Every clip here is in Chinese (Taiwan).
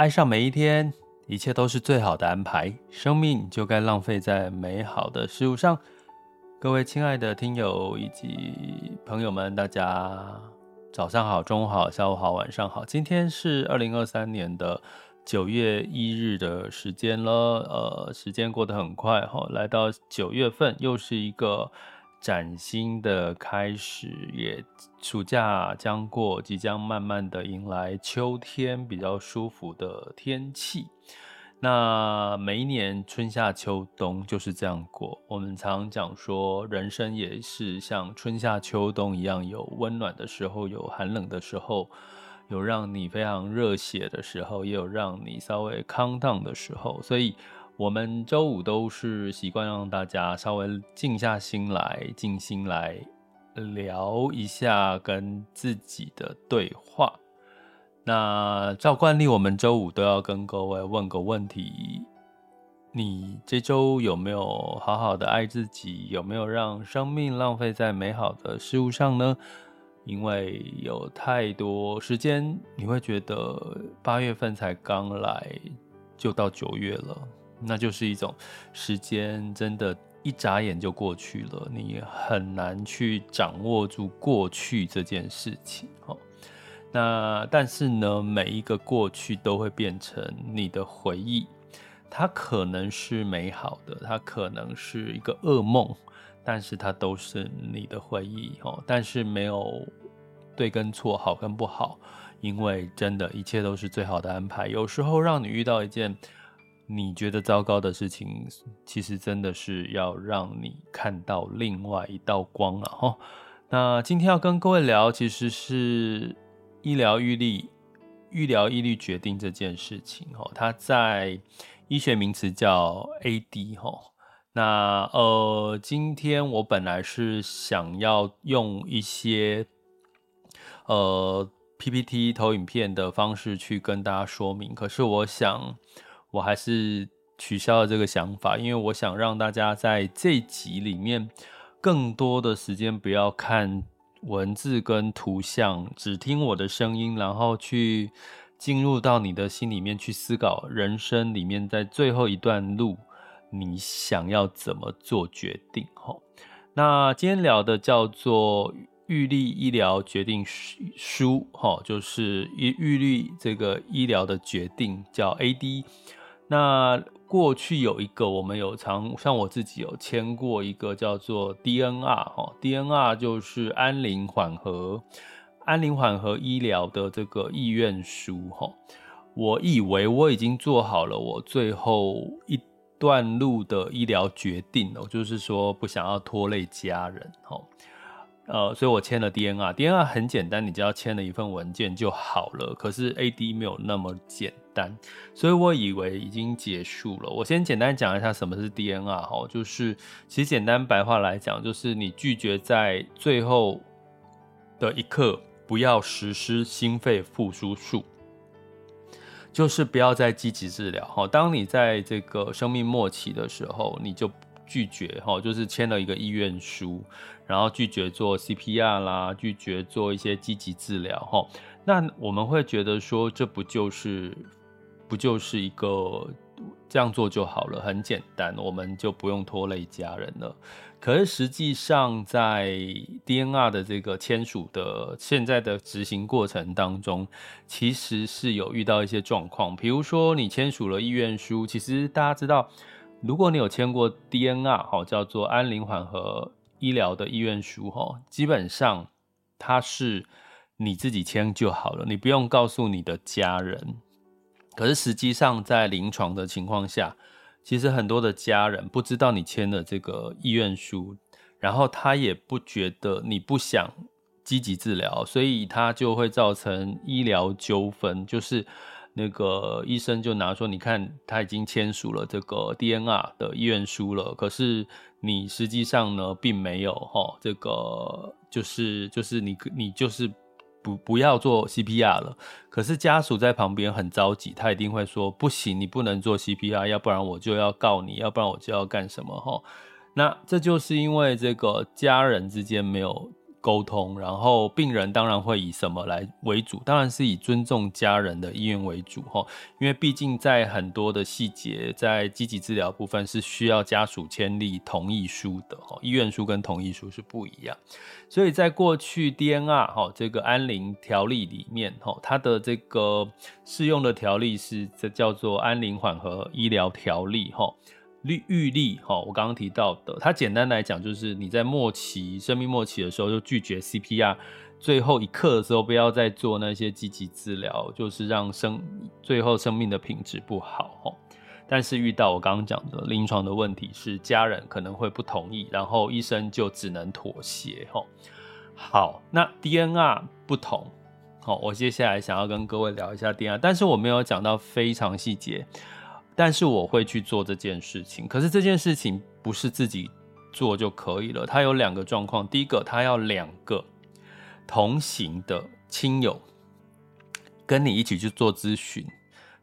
愛上每一天，一切都是最好的安排。生命就該浪費在美好的事物上。各位親愛的聽友以及朋友們，大家早上好，中午好，下午好，晚上好。今天是二零二三年的九月一日的時間了。呃，時間過得很快哈，來到九月份，又是一個。嶄新的開始，也暑假將過，即將慢慢的迎來秋天，比較舒服的天氣。那每一年春夏秋冬就是這樣過。我們常講說，人生也是像春夏秋冬一樣，有溫暖的時候，有寒冷的時候，有讓你非常熱血的時候，也有讓你稍微康蕩的時候。所以。我們週五都是習慣讓大家稍微靜下心來，靜心來聊一下跟自己的對話。那照慣例，我們週五都要跟各位問個問題：你這週有沒有好好的愛自己？有沒有讓生命浪費在美好的事物上呢？因為有太多時間，你會覺得八月份才剛來，就到九月了。那就是一種時間，真的，一眨眼就過去了。你很難去掌握住過去這件事情。那但是呢，每一個過去都會變成你的回憶。它可能是美好的，它可能是一個噩夢，但是它都是你的回憶哦。但是沒有對跟錯，好跟不好，因為真的，一切都是最好的安排。有時候讓你遇到一件。你覺得糟糕的事情，其實真的是要讓你看到另外一道光了、啊、哈、哦。那今天要跟各位聊，其實是醫療預立、醫療、預立決定這件事情，它在醫學名詞叫 AD、哦、那呃，今天我本來是想要用一些呃 PPT 投影片的方式去跟大家說明，可是我想。我還是取消了這個想法，因為我想讓大家在這集裡面更多的時間不要看文字跟圖像，只聽我的聲音，然後去進入到你的心裡面去思考人生裡面在最後一段路，你想要怎麼做決定？哈，那今天聊的叫做預立醫療決定書，哈，就是預預立這個醫療的決定叫 AD。那過去有一個，我們有常像我自己有簽過一個叫做 DNR 哦，DNR 就是安寧緩和、安寧緩和醫療的這個意願書哈。我以為我已經做好了我最後一段路的醫療決定了，就是說不想要拖累家人哦。呃，所以我簽了 DNR，DNR DNR 很簡單，你只要簽了一份文件就好了。可是 AD 沒有那麼簡單。單，所以我以為已經結束了。我先簡單講一下什麼是 DNR，就是其實簡單白話來講，就是你拒絕在最後的一刻不要實施心肺復甦術，就是不要再積極治療，當你在這個生命末期的時候，你就拒絕，就是簽了一個意願書，然後拒絕做 CPR 啦，拒絕做一些積極治療，那我們會覺得說，這不就是。不就是一個這樣做就好了，很簡單，我們就不用拖累家人了。可是實際上，在 DNR 的這個簽署的現在的執行過程當中，其實是有遇到一些狀況。比如說，你簽署了意願書，其實大家知道，如果你有簽過 DNR 叫做安寧緩和醫療的意願書基本上它是你自己簽就好了，你不用告訴你的家人。可是實際上，在臨床的情況下，其實很多的家人不知道你簽了這個意願書，然後他也不覺得你不想積極治療，所以他就會造成醫療糾紛。就是那個醫生就拿說，你看他已經簽署了這個 DNR 的意願書了，可是你實際上呢，並沒有哈，這個就是就是你你就是。不不要做 CPR 了，可是家屬在旁邊很着急，他一定會說不行，你不能做 CPR，要不然我就要告你，要不然我就要幹什麼哈？那這就是因為這個家人之間沒有，溝通，然後病人當然會以什麼來為主？當然是以尊重家人的意願為主，哈。因為畢竟在很多的細節，在積極治療部分是需要家屬簽立同意書的，意願書跟同意書是不一樣。所以在過去 DNR，這個安寧條例裡面，它的這個適用的條例是叫做安寧緩和醫療條例，預立。我剛剛提到的，它簡單來講就是你在末期生命末期的時候，就拒絕 CPR，最後一刻的時候不要再做那些積極治療，就是讓生最後生命的品質不好，但是遇到我剛剛講的臨床的問題是家人可能會不同意，然後醫生就只能妥協，好，那 DNR 不同，好，我接下來想要跟各位聊一下 DNR，但是我沒有講到非常細節。但是我會去做這件事情，可是這件事情不是自己做就可以了。它有兩個狀況，第一個，他要兩個同行的親友跟你一起去做諮詢，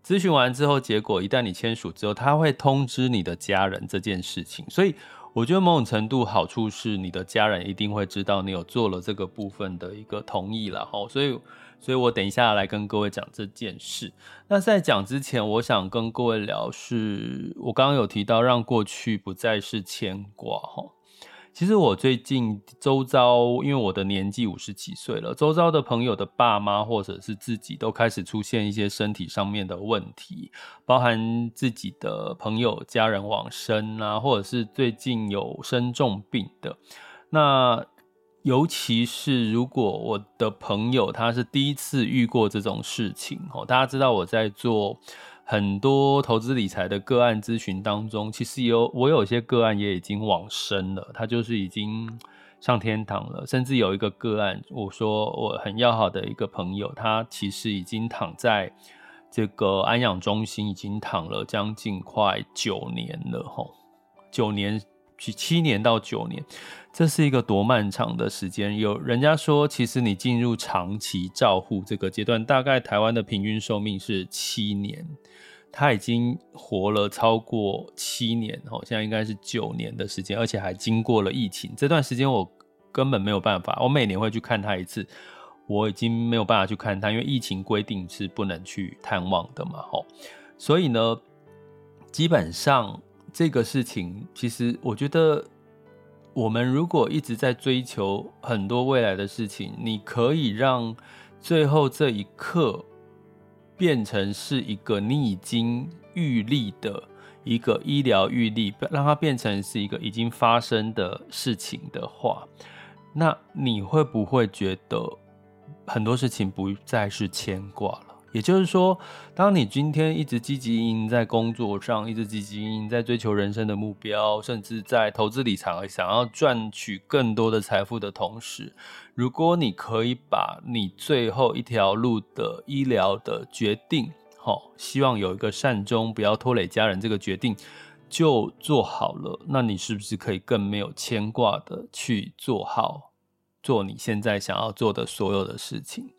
諮詢完之後，結果一旦你簽署之後，他會通知你的家人這件事情。所以我覺得某種程度好處是，你的家人一定會知道你有做了這個部分的一個同意了。哦。所以。所以我等一下來跟各位講這件事。那在講之前，我想跟各位聊是，是我剛剛有提到讓過去不再是牽掛哈。其實我最近周遭，因為我的年紀五十幾歲了，周遭的朋友的爸媽或者是自己都開始出現一些身體上面的問題，包含自己的朋友家人往生啊，或者是最近有生重病的那。尤其是如果我的朋友他是第一次遇過這種事情哦，大家知道我在做很多投資理財的個案諮詢當中，其實有我有一些個案也已經往生了，他就是已經上天堂了。甚至有一個個案，我說我很要好的一個朋友，他其實已經躺在這個安養中心，已經躺了將近快九年了，吼，九年。七年到九年，這是一個多漫長的時間？有人家說，其實你進入長期照護這個階段，大概台灣的平均壽命是七年，他已經活了超過七年，吼，現在應該是九年的時間，而且還經過了疫情。這段時間我根本沒有辦法，我每年會去看他一次，我已經沒有辦法去看他，因為疫情規定是不能去探望的嘛，吼，所以呢，基本上。這個事情，其實我覺得，我們如果一直在追求很多未來的事情，你可以讓最後這一刻變成是一個你已經預立的一個醫療預立，讓它變成是一個已經發生的事情的話，那你會不會覺得很多事情不再是牽掛了？也就是說，當你今天一直積極在工作上，一直積極在追求人生的目標，甚至在投資理財而,想要賺取更多的財富的同時，如果你可以把你最後一條路的醫療的決定，好、哦，希望有一個善終，不要拖累家人，這個決定就做好了，那你是不是可以更沒有牽掛的去做好做你現在想要做的所有的事情？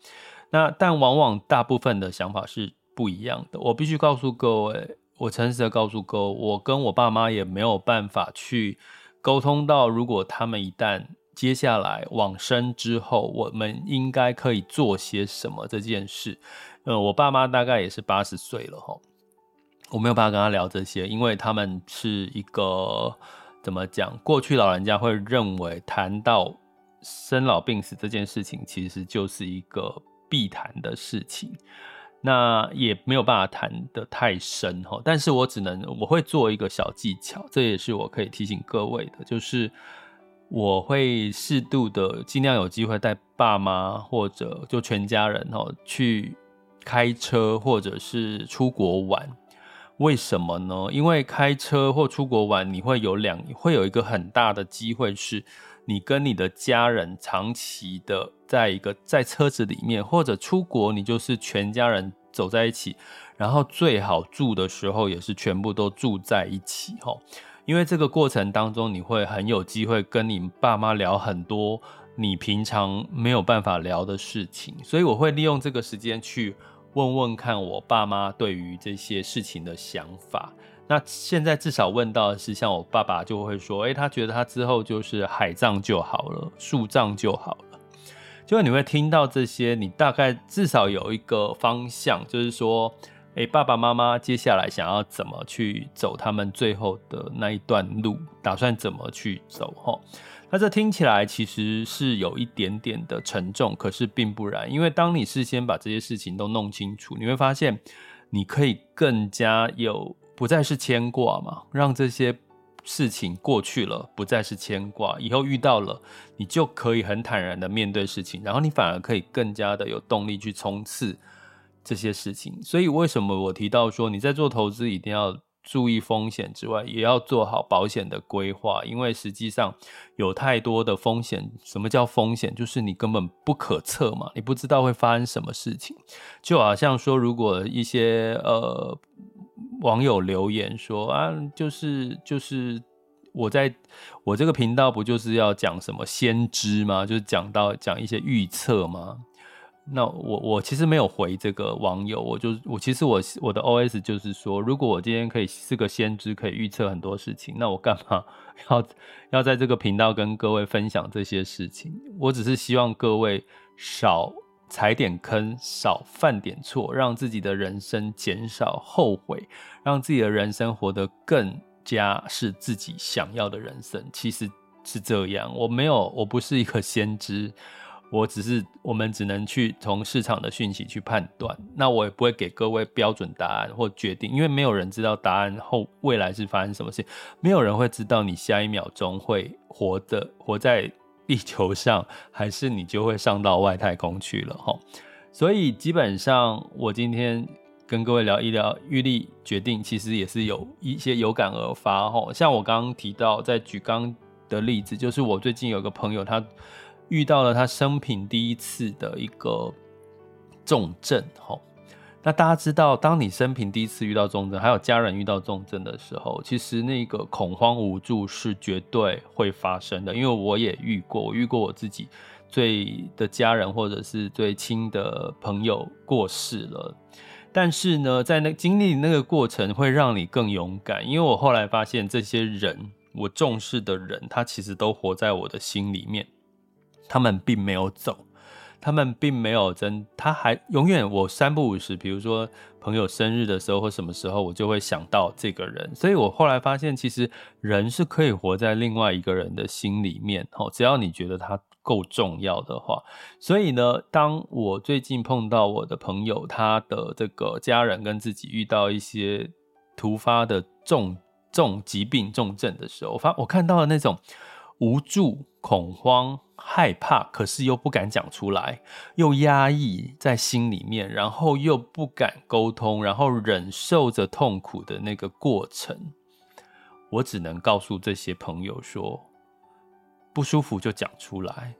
那但往往大部分的想法是不一樣的。我必須告訴各位，我誠實的告訴各位，我跟我爸媽也沒有辦法去溝通到，如果他們一旦接下來往生之後，我們應該可以做些什麼這件事。呃、嗯，我爸媽大概也是八十歲了哈，我沒有辦法跟他聊這些，因為他們是一個怎麼講？過去老人家會認為，談到生老病死這件事情，其實就是一個。必談的事情，那也沒有辦法談得太深，但是我只能，我會做一個小技巧，這也是我可以提醒各位的，就是我會適度的盡量有機會帶爸媽或者就全家人去開車或者是出國玩，為什麼呢？因為開車或出國玩，你會有兩會有一個很大的機會是。你跟你的家人長期的在一個在車子裡面，或者出國，你就是全家人走在一起，然後最好住的時候也是全部都住在一起吼，因為這個過程當中，你會很有機會跟你爸媽聊很多你平常沒有辦法聊的事情，所以我會利用這個時間去問問看我爸媽對於這些事情的想法。那現在至少問到的是，像我爸爸就會說：“誒、欸，他覺得他之後就是海葬就好了，樹葬就好了。”，就你會聽到這些，你大概至少有一個方向，就是說：“誒、欸，爸爸媽媽接下來想要怎麼去走他們最後的那一段路，打算怎麼去走。”齁，那這聽起來其實是有一點點的沉重，可是並不然，因為當你事先把這些事情都弄清楚，你會發現你可以更加有。不再是牽掛嘛，讓這些事情過去了，不再是牽掛。以後遇到了，你就可以很坦然的面對事情，然後你反而可以更加的有動力去衝刺這些事情。所以為什麼我提到說你在做投資一定要注意風險之外，也要做好保險的規劃？因為實際上有太多的風險。什麼叫風險？就是你根本不可測嘛，你不知道會發生什麼事情。就好像說，如果一些呃。網友留言說啊，就是就是我在我這個頻道不就是要講什麼先知嗎？就是講到講一些預測嗎？那我我其實沒有回這個網友，我就我其實我我的 OS 就是說，如果我今天可以是個先知，可以預測很多事情，那我幹嘛要要在這個頻道跟各位分享這些事情？我只是希望各位少。踩點坑，少犯點錯，讓自己的人生減少後悔，讓自己的人生活得更加是自己想要的人生，其實是這樣。我沒有，我不是一個先知，我只是我們只能去從市場的訊息去判斷。那我也不會給各位標準答案或決定，因為沒有人知道答案後未來是發生什麼事，沒有人會知道你下一秒鐘會活的活在。地球上，還是你就會上到外太空去了哈。所以基本上，我今天跟各位聊一聊預立決定，其實也是有一些有感而發哈。像我剛剛提到，在舉剛的例子，就是我最近有個朋友，他遇到了他生平第一次的一個重症哈。那大家知道，當你生平第一次遇到重症，還有家人遇到重症的時候，其實那個恐慌無助是絕對會發生的。因為我也遇過，我遇過我自己最的家人或者是最親的朋友過世了。但是呢，在那經歷那個過程，會讓你更勇敢。因為我後來發現，這些人我重視的人，他其實都活在我的心裡面，他們並沒有走。他們並沒有真，他還永遠我三不五時。比如說朋友生日的時候或什麼時候，我就會想到這個人。所以我後來發現，其實人是可以活在另外一個人的心裡面，只要你覺得他夠重要的話。所以呢，當我最近碰到我的朋友，他的這個家人跟自己遇到一些突發的重重疾病重症的時候，我發我看到了那種。無助、恐慌、害怕，可是又不敢講出來，又壓抑在心裡面，然後又不敢溝通，然後忍受着痛苦的那個過程。我只能告訴這些朋友說：不舒服就講出來，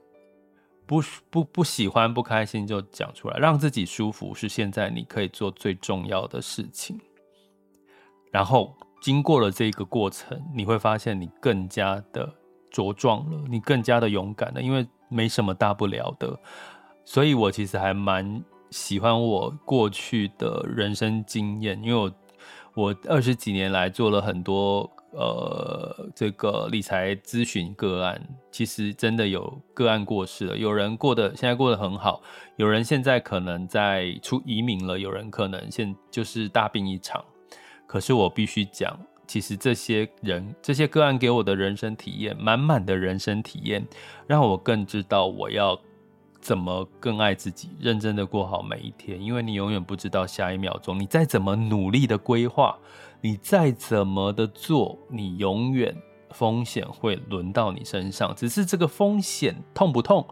不不不喜歡、不開心就講出來，讓自己舒服是現在你可以做最重要的事情。然後經過了這個過程，你會發現你更加的。茁壯了，你更加的勇敢了，因為沒什麼大不了的，所以我其實還蠻喜歡我過去的人生經驗，因為我我二十幾年來做了很多呃這個理財諮詢個案，其實真的有個案過世了，有人過得現在過得很好，有人現在可能在出移民了，有人可能現在就是大病一場，可是我必須講。其實這些人這些個案給我的人生體驗，滿滿的人生體驗，讓我更知道我要怎麼更愛自己，認真的過好每一天。因為你永遠不知道下一秒鐘，你再怎麼努力的規劃，你再怎麼的做，你永遠風險會輪到你身上。只是這個風險痛不痛，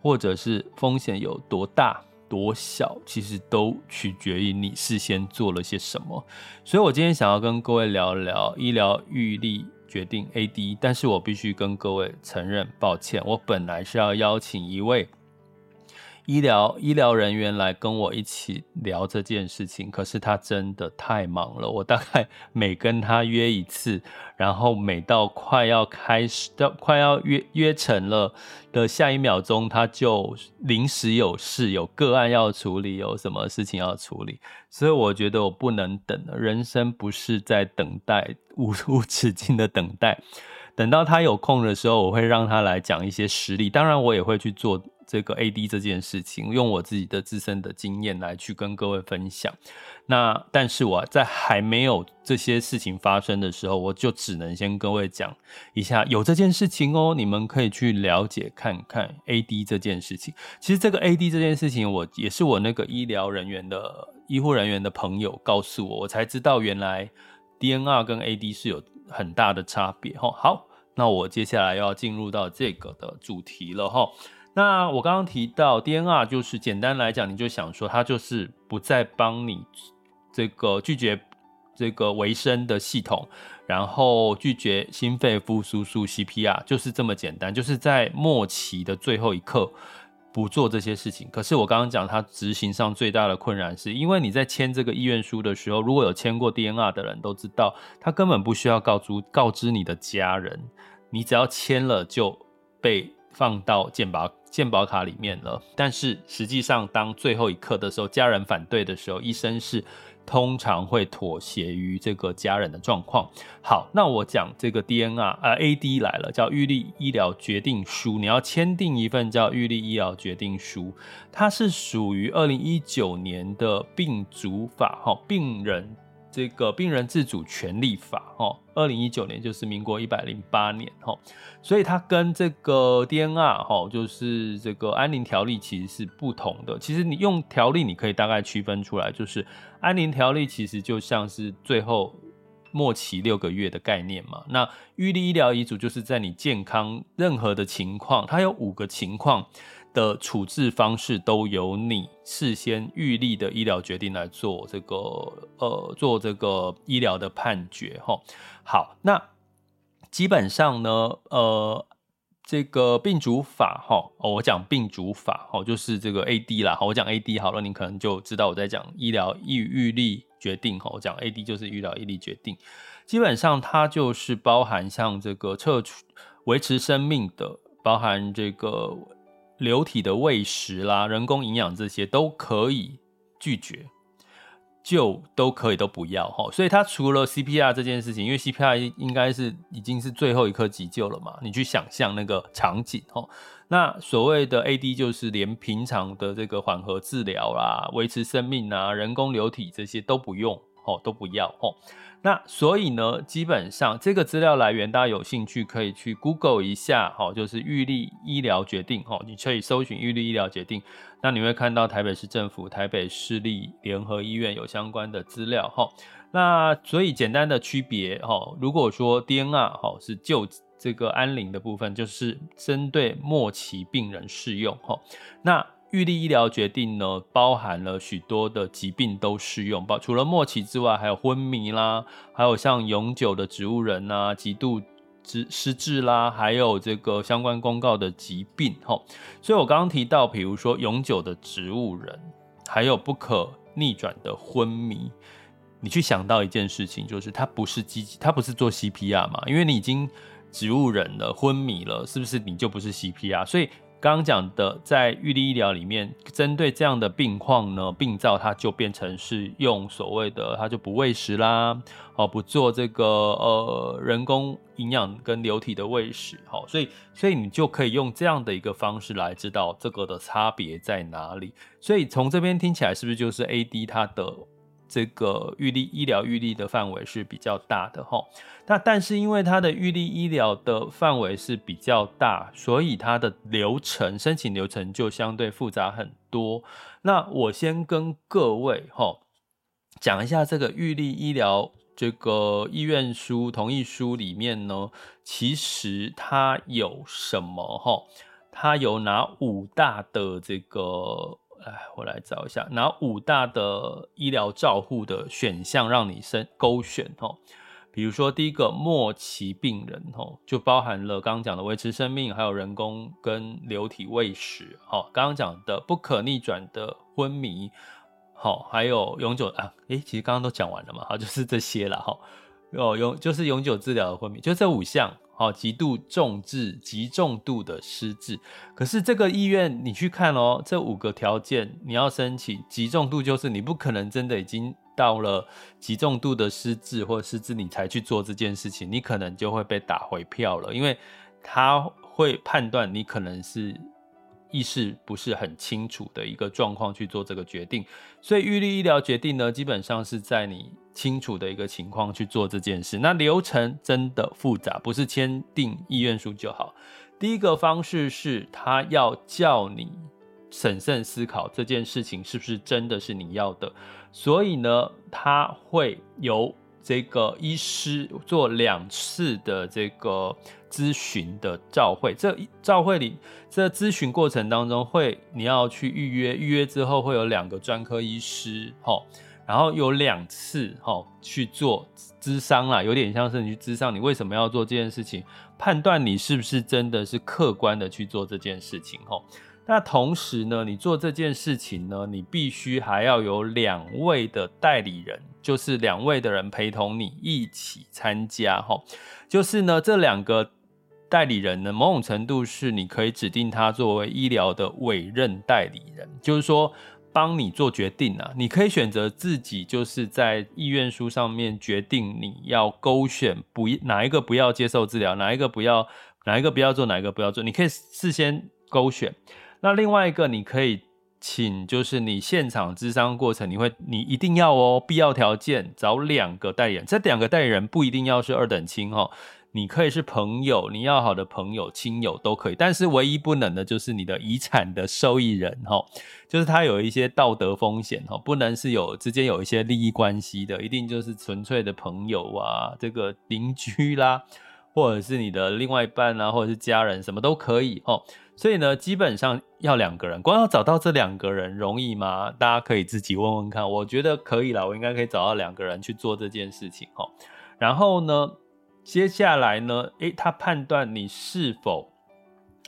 或者是風險有多大？多小，其實都取決於你事先做了些什麼。所以我今天想要跟各位聊一聊醫療預立決定 AD，但是我必須跟各位承認，抱歉，我本來是要邀請一位。醫療醫療人員來跟我一起聊這件事情，可是他真的太忙了。我大概每跟他約一次，然後每到快要開始，到快要約約成了的下一秒鐘，他就臨時有事，有個案要處理，有什麼事情要處理。所以我覺得我不能等了，人生不是在等待，無無止境的等待。等到他有空的時候，我會讓他來講一些實例。當然，我也會去做。這個 A D 這件事情，用我自己的自身的經驗來去跟各位分享。那但是我在還沒有這些事情發生的時候，我就只能先跟各位講一下有這件事情哦、喔，你們可以去了解看看 A D 這件事情。其實這個 A D 這件事情我，我也是我那個醫療人員的醫護人員的朋友告訴我，我才知道原來 D N R 跟 A D 是有很大的差別吼。好，那我接下來要進入到這個的主題了吼。那我剛剛提到 DNR，就是簡單來講，你就想說，它就是不再幫你這個拒絕這個維生的系統，然後拒絕心肺復甦術 CPR 就是這麼簡單，就是在末期的最後一刻不做這些事情。可是我剛剛講，它執行上最大的困難是，因為你在簽這個意願書的時候，如果有簽過 DNR 的人都知道，他根本不需要告知告知你的家人，你只要簽了就被。放到健保健保卡裡面了，但是實際上，當最後一刻的時候，家人反對的時候，醫生是通常會妥協於這個家人的狀況。好，那我講這個 DNR，啊，AD 來了，叫預立醫療決定書，你要簽訂一份叫預立醫療決定書，它是屬於二零一九年的病主法哈、哦、病人。這個病人自主權利法，二零一九年就是民國一百零八年，所以它跟這個 DNR，就是這個安寧條例其實是不同的。其實你用條例，你可以大概區分出來，就是安寧條例其實就像是最後末期六個月的概念嘛。那預立醫療遺囑就是在你健康任何的情況，它有五個情況。的處置方式都由你事先預立的醫療決定來做這個呃，做這個醫療的判決齁。好，那基本上呢，呃，這個病主法齁，我講病主法齁，就是這個 A D 啦。好，我講 A D 好了，你可能就知道我在講醫療預立決定。我講 A D 就是醫療預立決定，基本上它就是包含像這個撤除維持生命的，包含這個。流體的餵食啦，人工營養這些都可以拒絕，就都可以都不要哦。所以它除了 CPR 這件事情，因為 CPR 應該是已經是最後一刻急救了嘛，你去想象那個場景哦。那所謂的 AD 就是連平常的這個緩和治療啦、維持生命啊、人工流體這些都不用哦，都不要哦。那所以呢，基本上這個資料來源，大家有興趣可以去 Google 一下，好，就是預立醫療決定，哦，你可以搜尋預立醫療決定，那你會看到台北市政府、台北市立聯合醫院有相關的資料，哈。那所以簡單的區別，哦，如果說 D N R 是就這個安寧的部分，就是針對末期病人適用，哈，那。預立醫療決定呢，包含了許多的疾病都適用，包除了末期之外，還有昏迷啦，還有像永久的植物人啊，極度之失智啦，還有這個相關公告的疾病齁。所以我剛剛提到，比如說永久的植物人，還有不可逆轉的昏迷，你去想到一件事情，就是它不是積極，它不是做 CPR 嘛？因為你已經植物人了，昏迷了，是不是你就不是 CPR？所以。剛剛講的，在預立醫療裡面，針對這樣的病況呢，病灶它就變成是用所謂的，它就不喂食啦，哦，不做這個呃人工營養跟流體的喂食，好、哦，所以所以你就可以用這樣的一個方式來知道這個的差別在哪裡。所以從這邊聽起來，是不是就是 A D 它的？這個預立醫療預立的範圍是比較大的吼，那但是因為它的預立醫療的範圍是比較大，所以它的流程申請流程就相對複雜很多。那我先跟各位吼講一下這個預立醫療這個意願書同意書裡面呢，其實它有什麼吼，它有哪五大的這個。來，我來找一下，拿五大的醫療照護的選項讓你生勾選哦。比如說第一個末期病人哦，就包含了剛剛講的維持生命，還有人工跟流體餵食。哦，剛剛講的不可逆轉的昏迷，好，還有永久的啊，誒，其實剛剛都講完了嘛，好，就是這些了哈。哦，永就是永久治療的昏迷，就這五項。好、哦，極度重置，極重度的失智。可是這個意願，你去看哦，這五個條件，你要申請極重度，就是你不可能真的已經到了極重度的失智或者失智，你才去做這件事情，你可能就會被打回票了，因為他會判斷你可能是。意識不是很清楚的一個狀況去做這個決定，所以預立醫療決定呢，基本上是在你清楚的一個情況去做這件事。那流程真的複雜，不是簽訂意願書就好。第一個方式是，他要叫你審慎思考這件事情是不是真的是你要的，所以呢，他會有。這個醫師做兩次的這個諮詢的照會，這照會裡這諮詢過程當中會，你要去預約，預約之後會有兩個專科醫師，吼、哦，然後有兩次，吼、哦，去做諮商啦，有點像是你去諮商，你為什麼要做這件事情，判斷你是不是真的是客觀的去做這件事情，吼、哦，那同時呢，你做這件事情呢，你必須還要有兩位的代理人。就是兩位的人陪同你一起參加，哈，就是呢，這兩個代理人呢，某種程度是你可以指定他作為醫療的委任代理人，就是說幫你做決定啊。你可以選擇自己，就是在意願書上面決定你要勾選不，哪一個不要接受治療，哪一個不要，哪一個不要做，哪一個不要做，你可以事先勾選。那另外一個你可以。請，就是你現場諮商過程，你會，你一定要哦，必要條件找兩個代理人，這兩個代理人不一定要是二等親哈、哦，你可以是朋友，你要好的朋友、親友都可以，但是唯一不能的就是你的遺產的受益人哦，就是他有一些道德風險哈、哦，不能是有之間有一些利益關係的，一定就是純粹的朋友啊，這個鄰居啦。或者是你的另外一半啊，或者是家人，什麼都可以齁。所以呢，基本上要兩個人，光要找到這兩個人容易嗎？大家可以自己問問看。我覺得可以啦，我應該可以找到兩個人去做這件事情齁。然後呢，接下來呢誒，他判斷你是否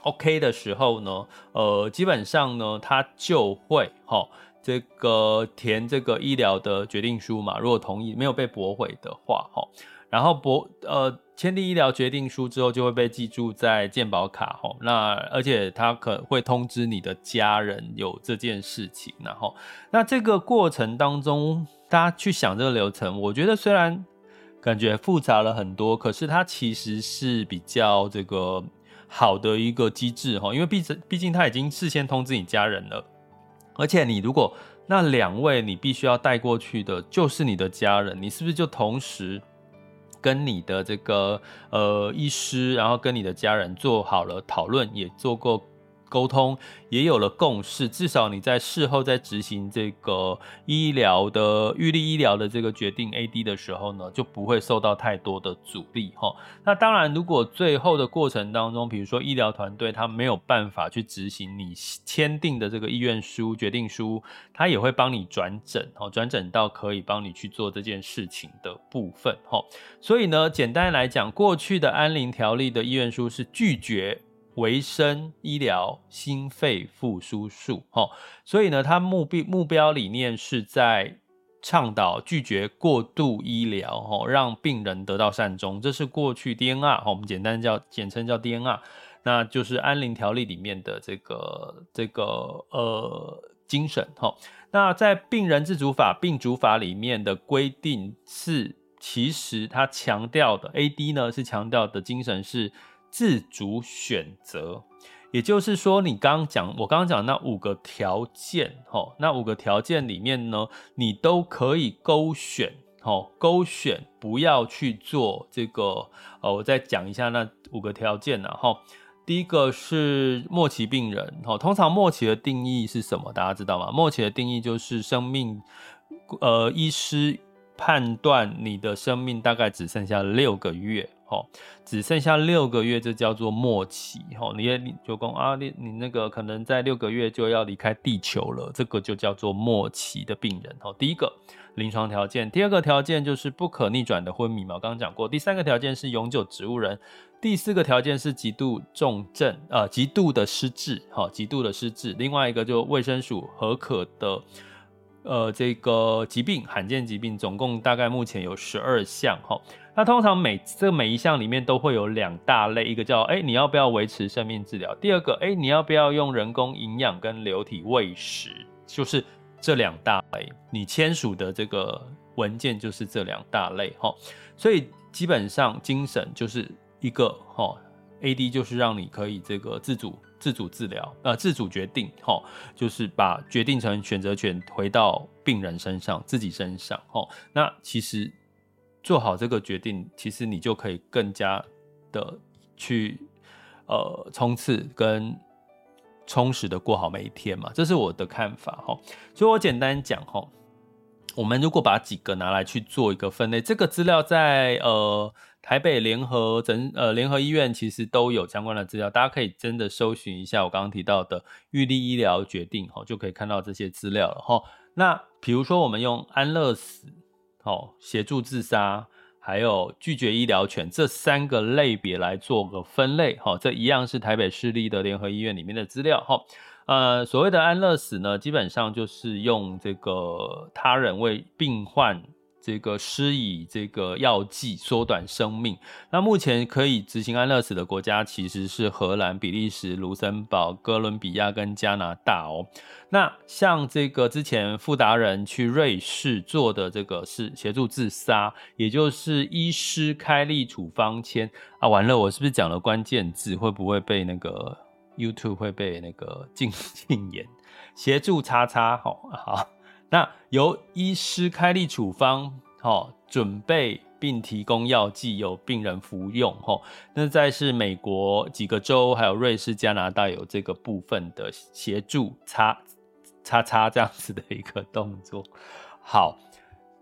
OK 的時候呢，呃，基本上呢，他就會齁這個填這個醫療的決定書嘛。如果同意，沒有被駁回的話，齁。然後博，博呃，簽訂醫療決定書之後，就會被記住在健保卡、哦、那而且他可能會通知你的家人有這件事情。然、啊、後、哦，那這個過程當中，大家去想這個流程，我覺得雖然感覺複雜了很多，可是它其實是比較這個好的一個機制吼、哦。因為畢畢竟他已經事先通知你家人了，而且你如果那兩位你必須要帶過去的，就是你的家人，你是不是就同時？跟你的這個呃醫師，然後跟你的家人做好了討論，也做過，溝通也有了共識，至少你在事後在執行這個醫療的預立醫療的這個決定 AD 的時候呢，就不會受到太多的阻力哈。那當然，如果最後的過程當中，比如說醫療團隊他沒有辦法去執行你簽訂的這個意願書決定書，他也會幫你轉診哦，轉診到可以幫你去做這件事情的部分哈。所以呢，簡單來講，過去的安寧條例的意願書是拒絕。維生醫療心肺復甦術，哈，所以呢，他目標目標理念是在倡導拒絕過度醫療，哈，讓病人得到善終。這是過去 DNR，我們簡單叫簡稱叫 DNR，那就是安寧條例裡面的這個這個呃精神，哈。那在病人自主法病主法裡面的規定是，其實他強調的 AD 呢是強調的精神是。自主選擇，也就是說，你剛剛講，我剛剛講那五個條件，哈，那五個條件裡面呢，你都可以勾選，哈，勾選不要去做這個。呃，我再講一下那五個條件啊，哈，第一個是末期病人，通常末期的定義是什麼？大家知道嗎？末期的定義就是生命，呃，醫師判斷你的生命大概只剩下六個月。好，只剩下六個月，就叫做末期。你也就講啊，你你那個可能在六個月就要離開地球了，這個就叫做末期的病人。好，第一個臨床條件，第二個條件就是不可逆轉的昏迷嘛，我剛剛講過。第三個條件是永久植物人，第四個條件是極度重症，呃，極度的失智，哈，極度的失智。另外一個就衛生署核可的。呃，這個疾病，罕見疾病總共大概目前有十二項哈、哦。那通常每這每一項裡面都會有兩大類，一個叫哎你要不要維持生命治療，第二個哎你要不要用人工營養跟流體餵食，就是這兩大類。你簽署的這個文件就是這兩大類哈、哦。所以基本上精神就是一個哈、哦，AD 就是讓你可以這個自主。自主治療，呃，自主決定，吼，就是把決定成選擇權回到病人身上，自己身上，吼。那其實做好這個決定，其實你就可以更加的去，呃，衝刺跟充實的過好每一天嘛。這是我的看法，吼，所以我簡單講，吼，我們如果把幾個拿來去做一個分類，這個資料在呃。台北聯合整呃聯合醫院其實都有相關的資料，大家可以真的搜尋一下我剛剛提到的預立醫療決定，齁，就可以看到這些資料了，齁。那比如說我們用安樂死、哦、協助自殺，還有拒絕醫療權這三個類別來做個分類，齁，這一樣是台北市立的聯合醫院裡面的資料，齁。呃，所謂的安樂死呢，基本上就是用這個他人為病患，這個施以這個藥劑縮短生命，那目前可以執行安樂死的國家其實是荷蘭、比利時、盧森堡、哥倫比亞跟加拿大哦。那像這個之前傅達仁去瑞士做的這個是協助自殺，也就是醫師開立處方箋啊。完了，我是不是講了關鍵字？會不會被那個 YouTube 會被那個禁禁言？ 協助叉叉、哦，好好。那由醫師開立處方，哈，哦，準備並提供藥劑由病人服用，哦，那在是美國幾個州，還有瑞士、加拿大有這個部分的協助，叉叉叉這樣子的一個動作。好，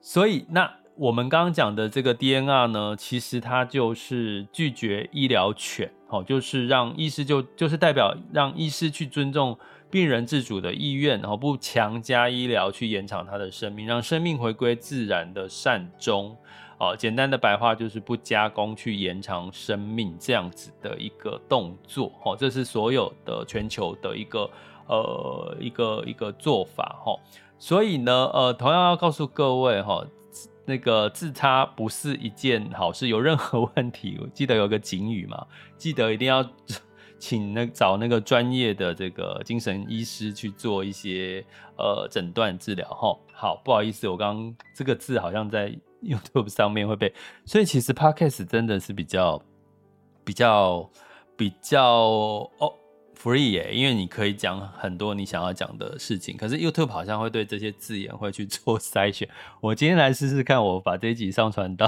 所以那我們剛剛講的這個 DNR 呢，其實它就是拒絕醫療權，哦，就是讓醫師就就是代表讓醫師去尊重，病人自主的意願，然後不強加醫療去延長他的生命，讓生命回歸自然的善終。哦，簡單的白話就是不加工去延長生命這樣子的一個動作。哦，這是所有的全球的一個呃一個一個做法。哦，所以呢，呃，同樣要告訴各位，哈，那個自殺不是一件好事，有任何問題，記得有個警語嘛，記得一定要。請那找那個專業的這個精神醫師去做一些呃診斷治療吼，好，不好意思，我剛剛這個字好像在 YouTube 上面會被，所以其實 Podcast 真的是比較比較比較哦 free 耶，因為你可以講很多你想要講的事情。可是 YouTube 好像會對這些字眼會去做篩選。我今天來試試看，我把這一集上傳到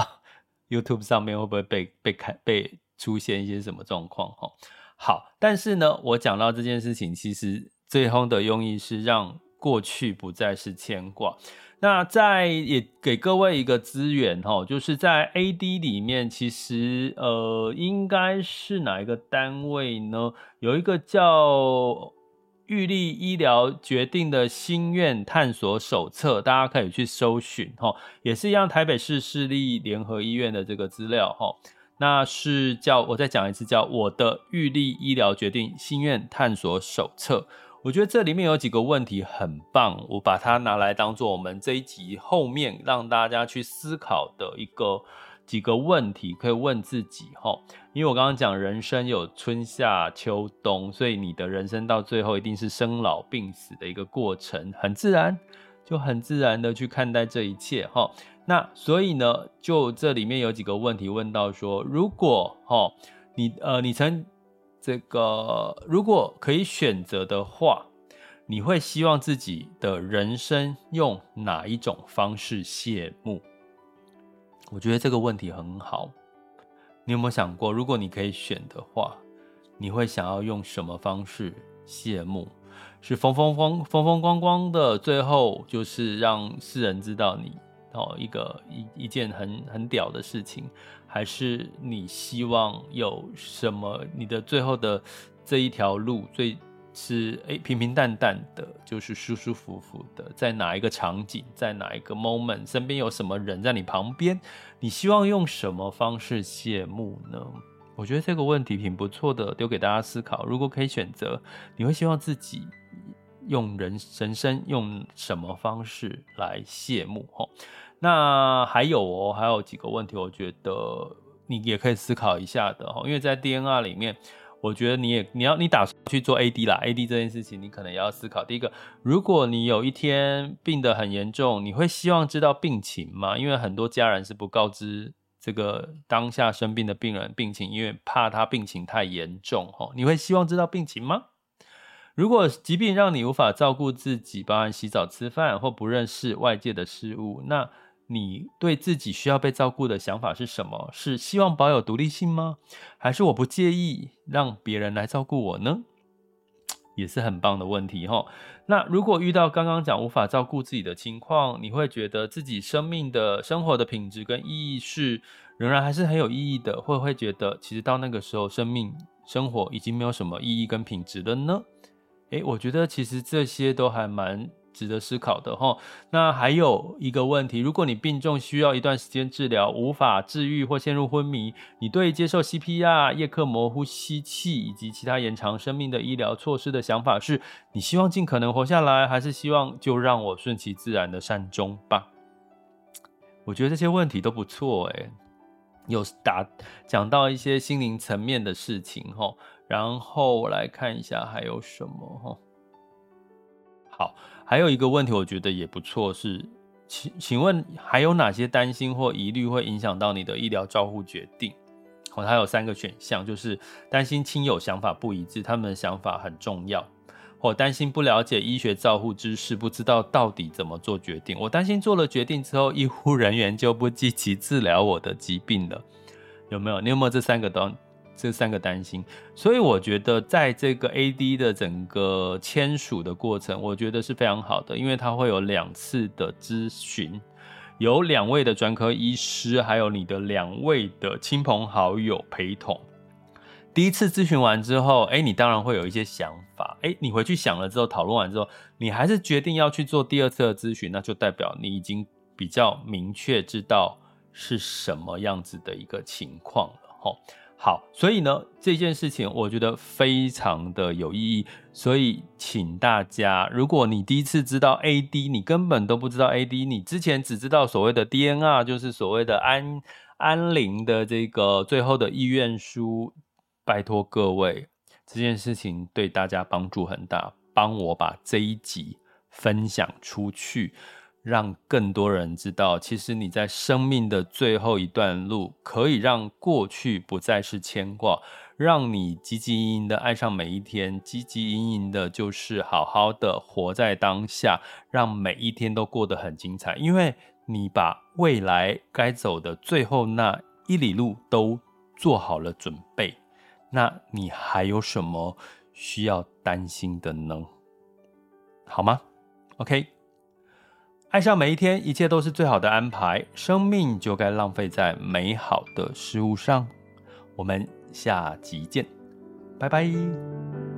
YouTube 上面會不會被被砍被出現一些什麼狀況吼？好，但是呢，我講到這件事情，其實最後的用意是讓過去不再是牽掛。那在也給各位一個資源哈，就是在 A D 裡面，其實呃，應該是哪一個單位呢？有一個叫預立醫療決定的心願探索手冊，大家可以去搜尋哈，也是一樣，台北市市立聯合醫院的這個資料哈。那是叫，我再講一次，叫我的預立醫療決定心願探索手冊。我覺得這裡面有幾個問題很棒，我把它拿來當做我們這一集後面讓大家去思考的一個幾個問題，可以問自己哈。因為我剛剛講人生有春夏秋冬，所以你的人生到最後一定是生老病死的一個過程，很自然，就很自然的去看待這一切哈。那所以呢，就這裡面有幾個問題問到說，如果哦，你呃，你曾這個，如果可以選擇的話，你會希望自己的人生用哪一種方式謝幕？我覺得這個問題很好。你有沒有想過，如果你可以選的話，你會想要用什麼方式謝幕？是風風風風風光光的，最後就是讓世人知道你。哦，一個一一件很很屌的事情，還是你希望有什麼？你的最後的這一條路最是誒平平淡淡的，就是舒舒服服的，在哪一個場景，在哪一個 moment，身邊有什麼人在你旁邊？你希望用什麼方式謝幕呢？我覺得這個問題挺不錯的，留給大家思考。如果可以選擇，你會希望自己用人人生用什麼方式來謝幕？那還有哦，還有幾個問題，我覺得你也可以思考一下的，因為在 DNR 裡面，我覺得你也你要你打算去做 AD 啦，AD 這件事情你可能也要思考。第一個，如果你有一天病得很嚴重，你會希望知道病情嗎？因為很多家人是不告知這個當下生病的病人病情，因為怕他病情太嚴重哦，你會希望知道病情嗎？如果疾病讓你無法照顧自己，包含洗澡、吃飯，或不認識外界的事物，那。你對自己需要被照顧的想法是什麼？是希望保有獨立性嗎？還是我不介意讓別人來照顧我呢？也是很棒的問題哈。那如果遇到剛剛講無法照顧自己的情況，你會覺得自己生命的生活的品質跟意義是仍然還是很有意義的，會不會覺得其實到那個時候生命生活已經沒有什麼意義跟品質了呢？誒、欸，我覺得其實這些都還蠻。值得思考的哈。那還有一個問題，如果你病重需要一段時間治療，無法治癒或陷入昏迷，你對接受 CPR、葉克膜、呼吸器以及其他延長生命的醫療措施的想法是：你希望盡可能活下來，還是希望就讓我順其自然的善終吧？我覺得這些問題都不錯誒，有打講到一些心靈層面的事情哈。然後我來看一下還有什麼哈。好，還有一個問題，我覺得也不錯，是請請問還有哪些擔心或疑慮會影響到你的醫療照護決定？我、哦、還有三個選項，就是擔心親友想法不一致，他們的想法很重要；或、哦、擔心不了解醫學照護知識，不知道到底怎麼做決定；我擔心做了決定之後，醫護人員就不積極治療我的疾病了，有沒有？你有沒有這三個都？這三個擔心，所以我覺得在這個 AD 的整個簽署的過程，我覺得是非常好的，因為它會有兩次的諮詢，有兩位的專科醫師，還有你的兩位的親朋好友陪同。第一次諮詢完之後，哎，你當然會有一些想法，哎，你回去想了之後，討論完之後，你還是決定要去做第二次的諮詢，那就代表你已經比較明確知道是什麼樣子的一個情況了，吼。好，所以呢，這件事情我覺得非常的有意義，所以請大家，如果你第一次知道 A D，你根本都不知道 A D，你之前只知道所謂的 D N R，就是所謂的安安寧的這個最後的意願書。拜托各位，這件事情對大家幫助很大，幫我把這一集分享出去。讓更多人知道，其實你在生命的最後一段路，可以讓過去不再是牽掛，讓你積極盈盈的愛上每一天。積極盈盈的，就是好好的活在當下，讓每一天都過得很精彩。因為你把未來該走的最後那一里路都做好了準備，那你還有什麼需要擔心的呢？好嗎？OK。愛上每一天，一切都是最好的安排。生命就該浪費在美好的事物上。我們下集見，拜拜。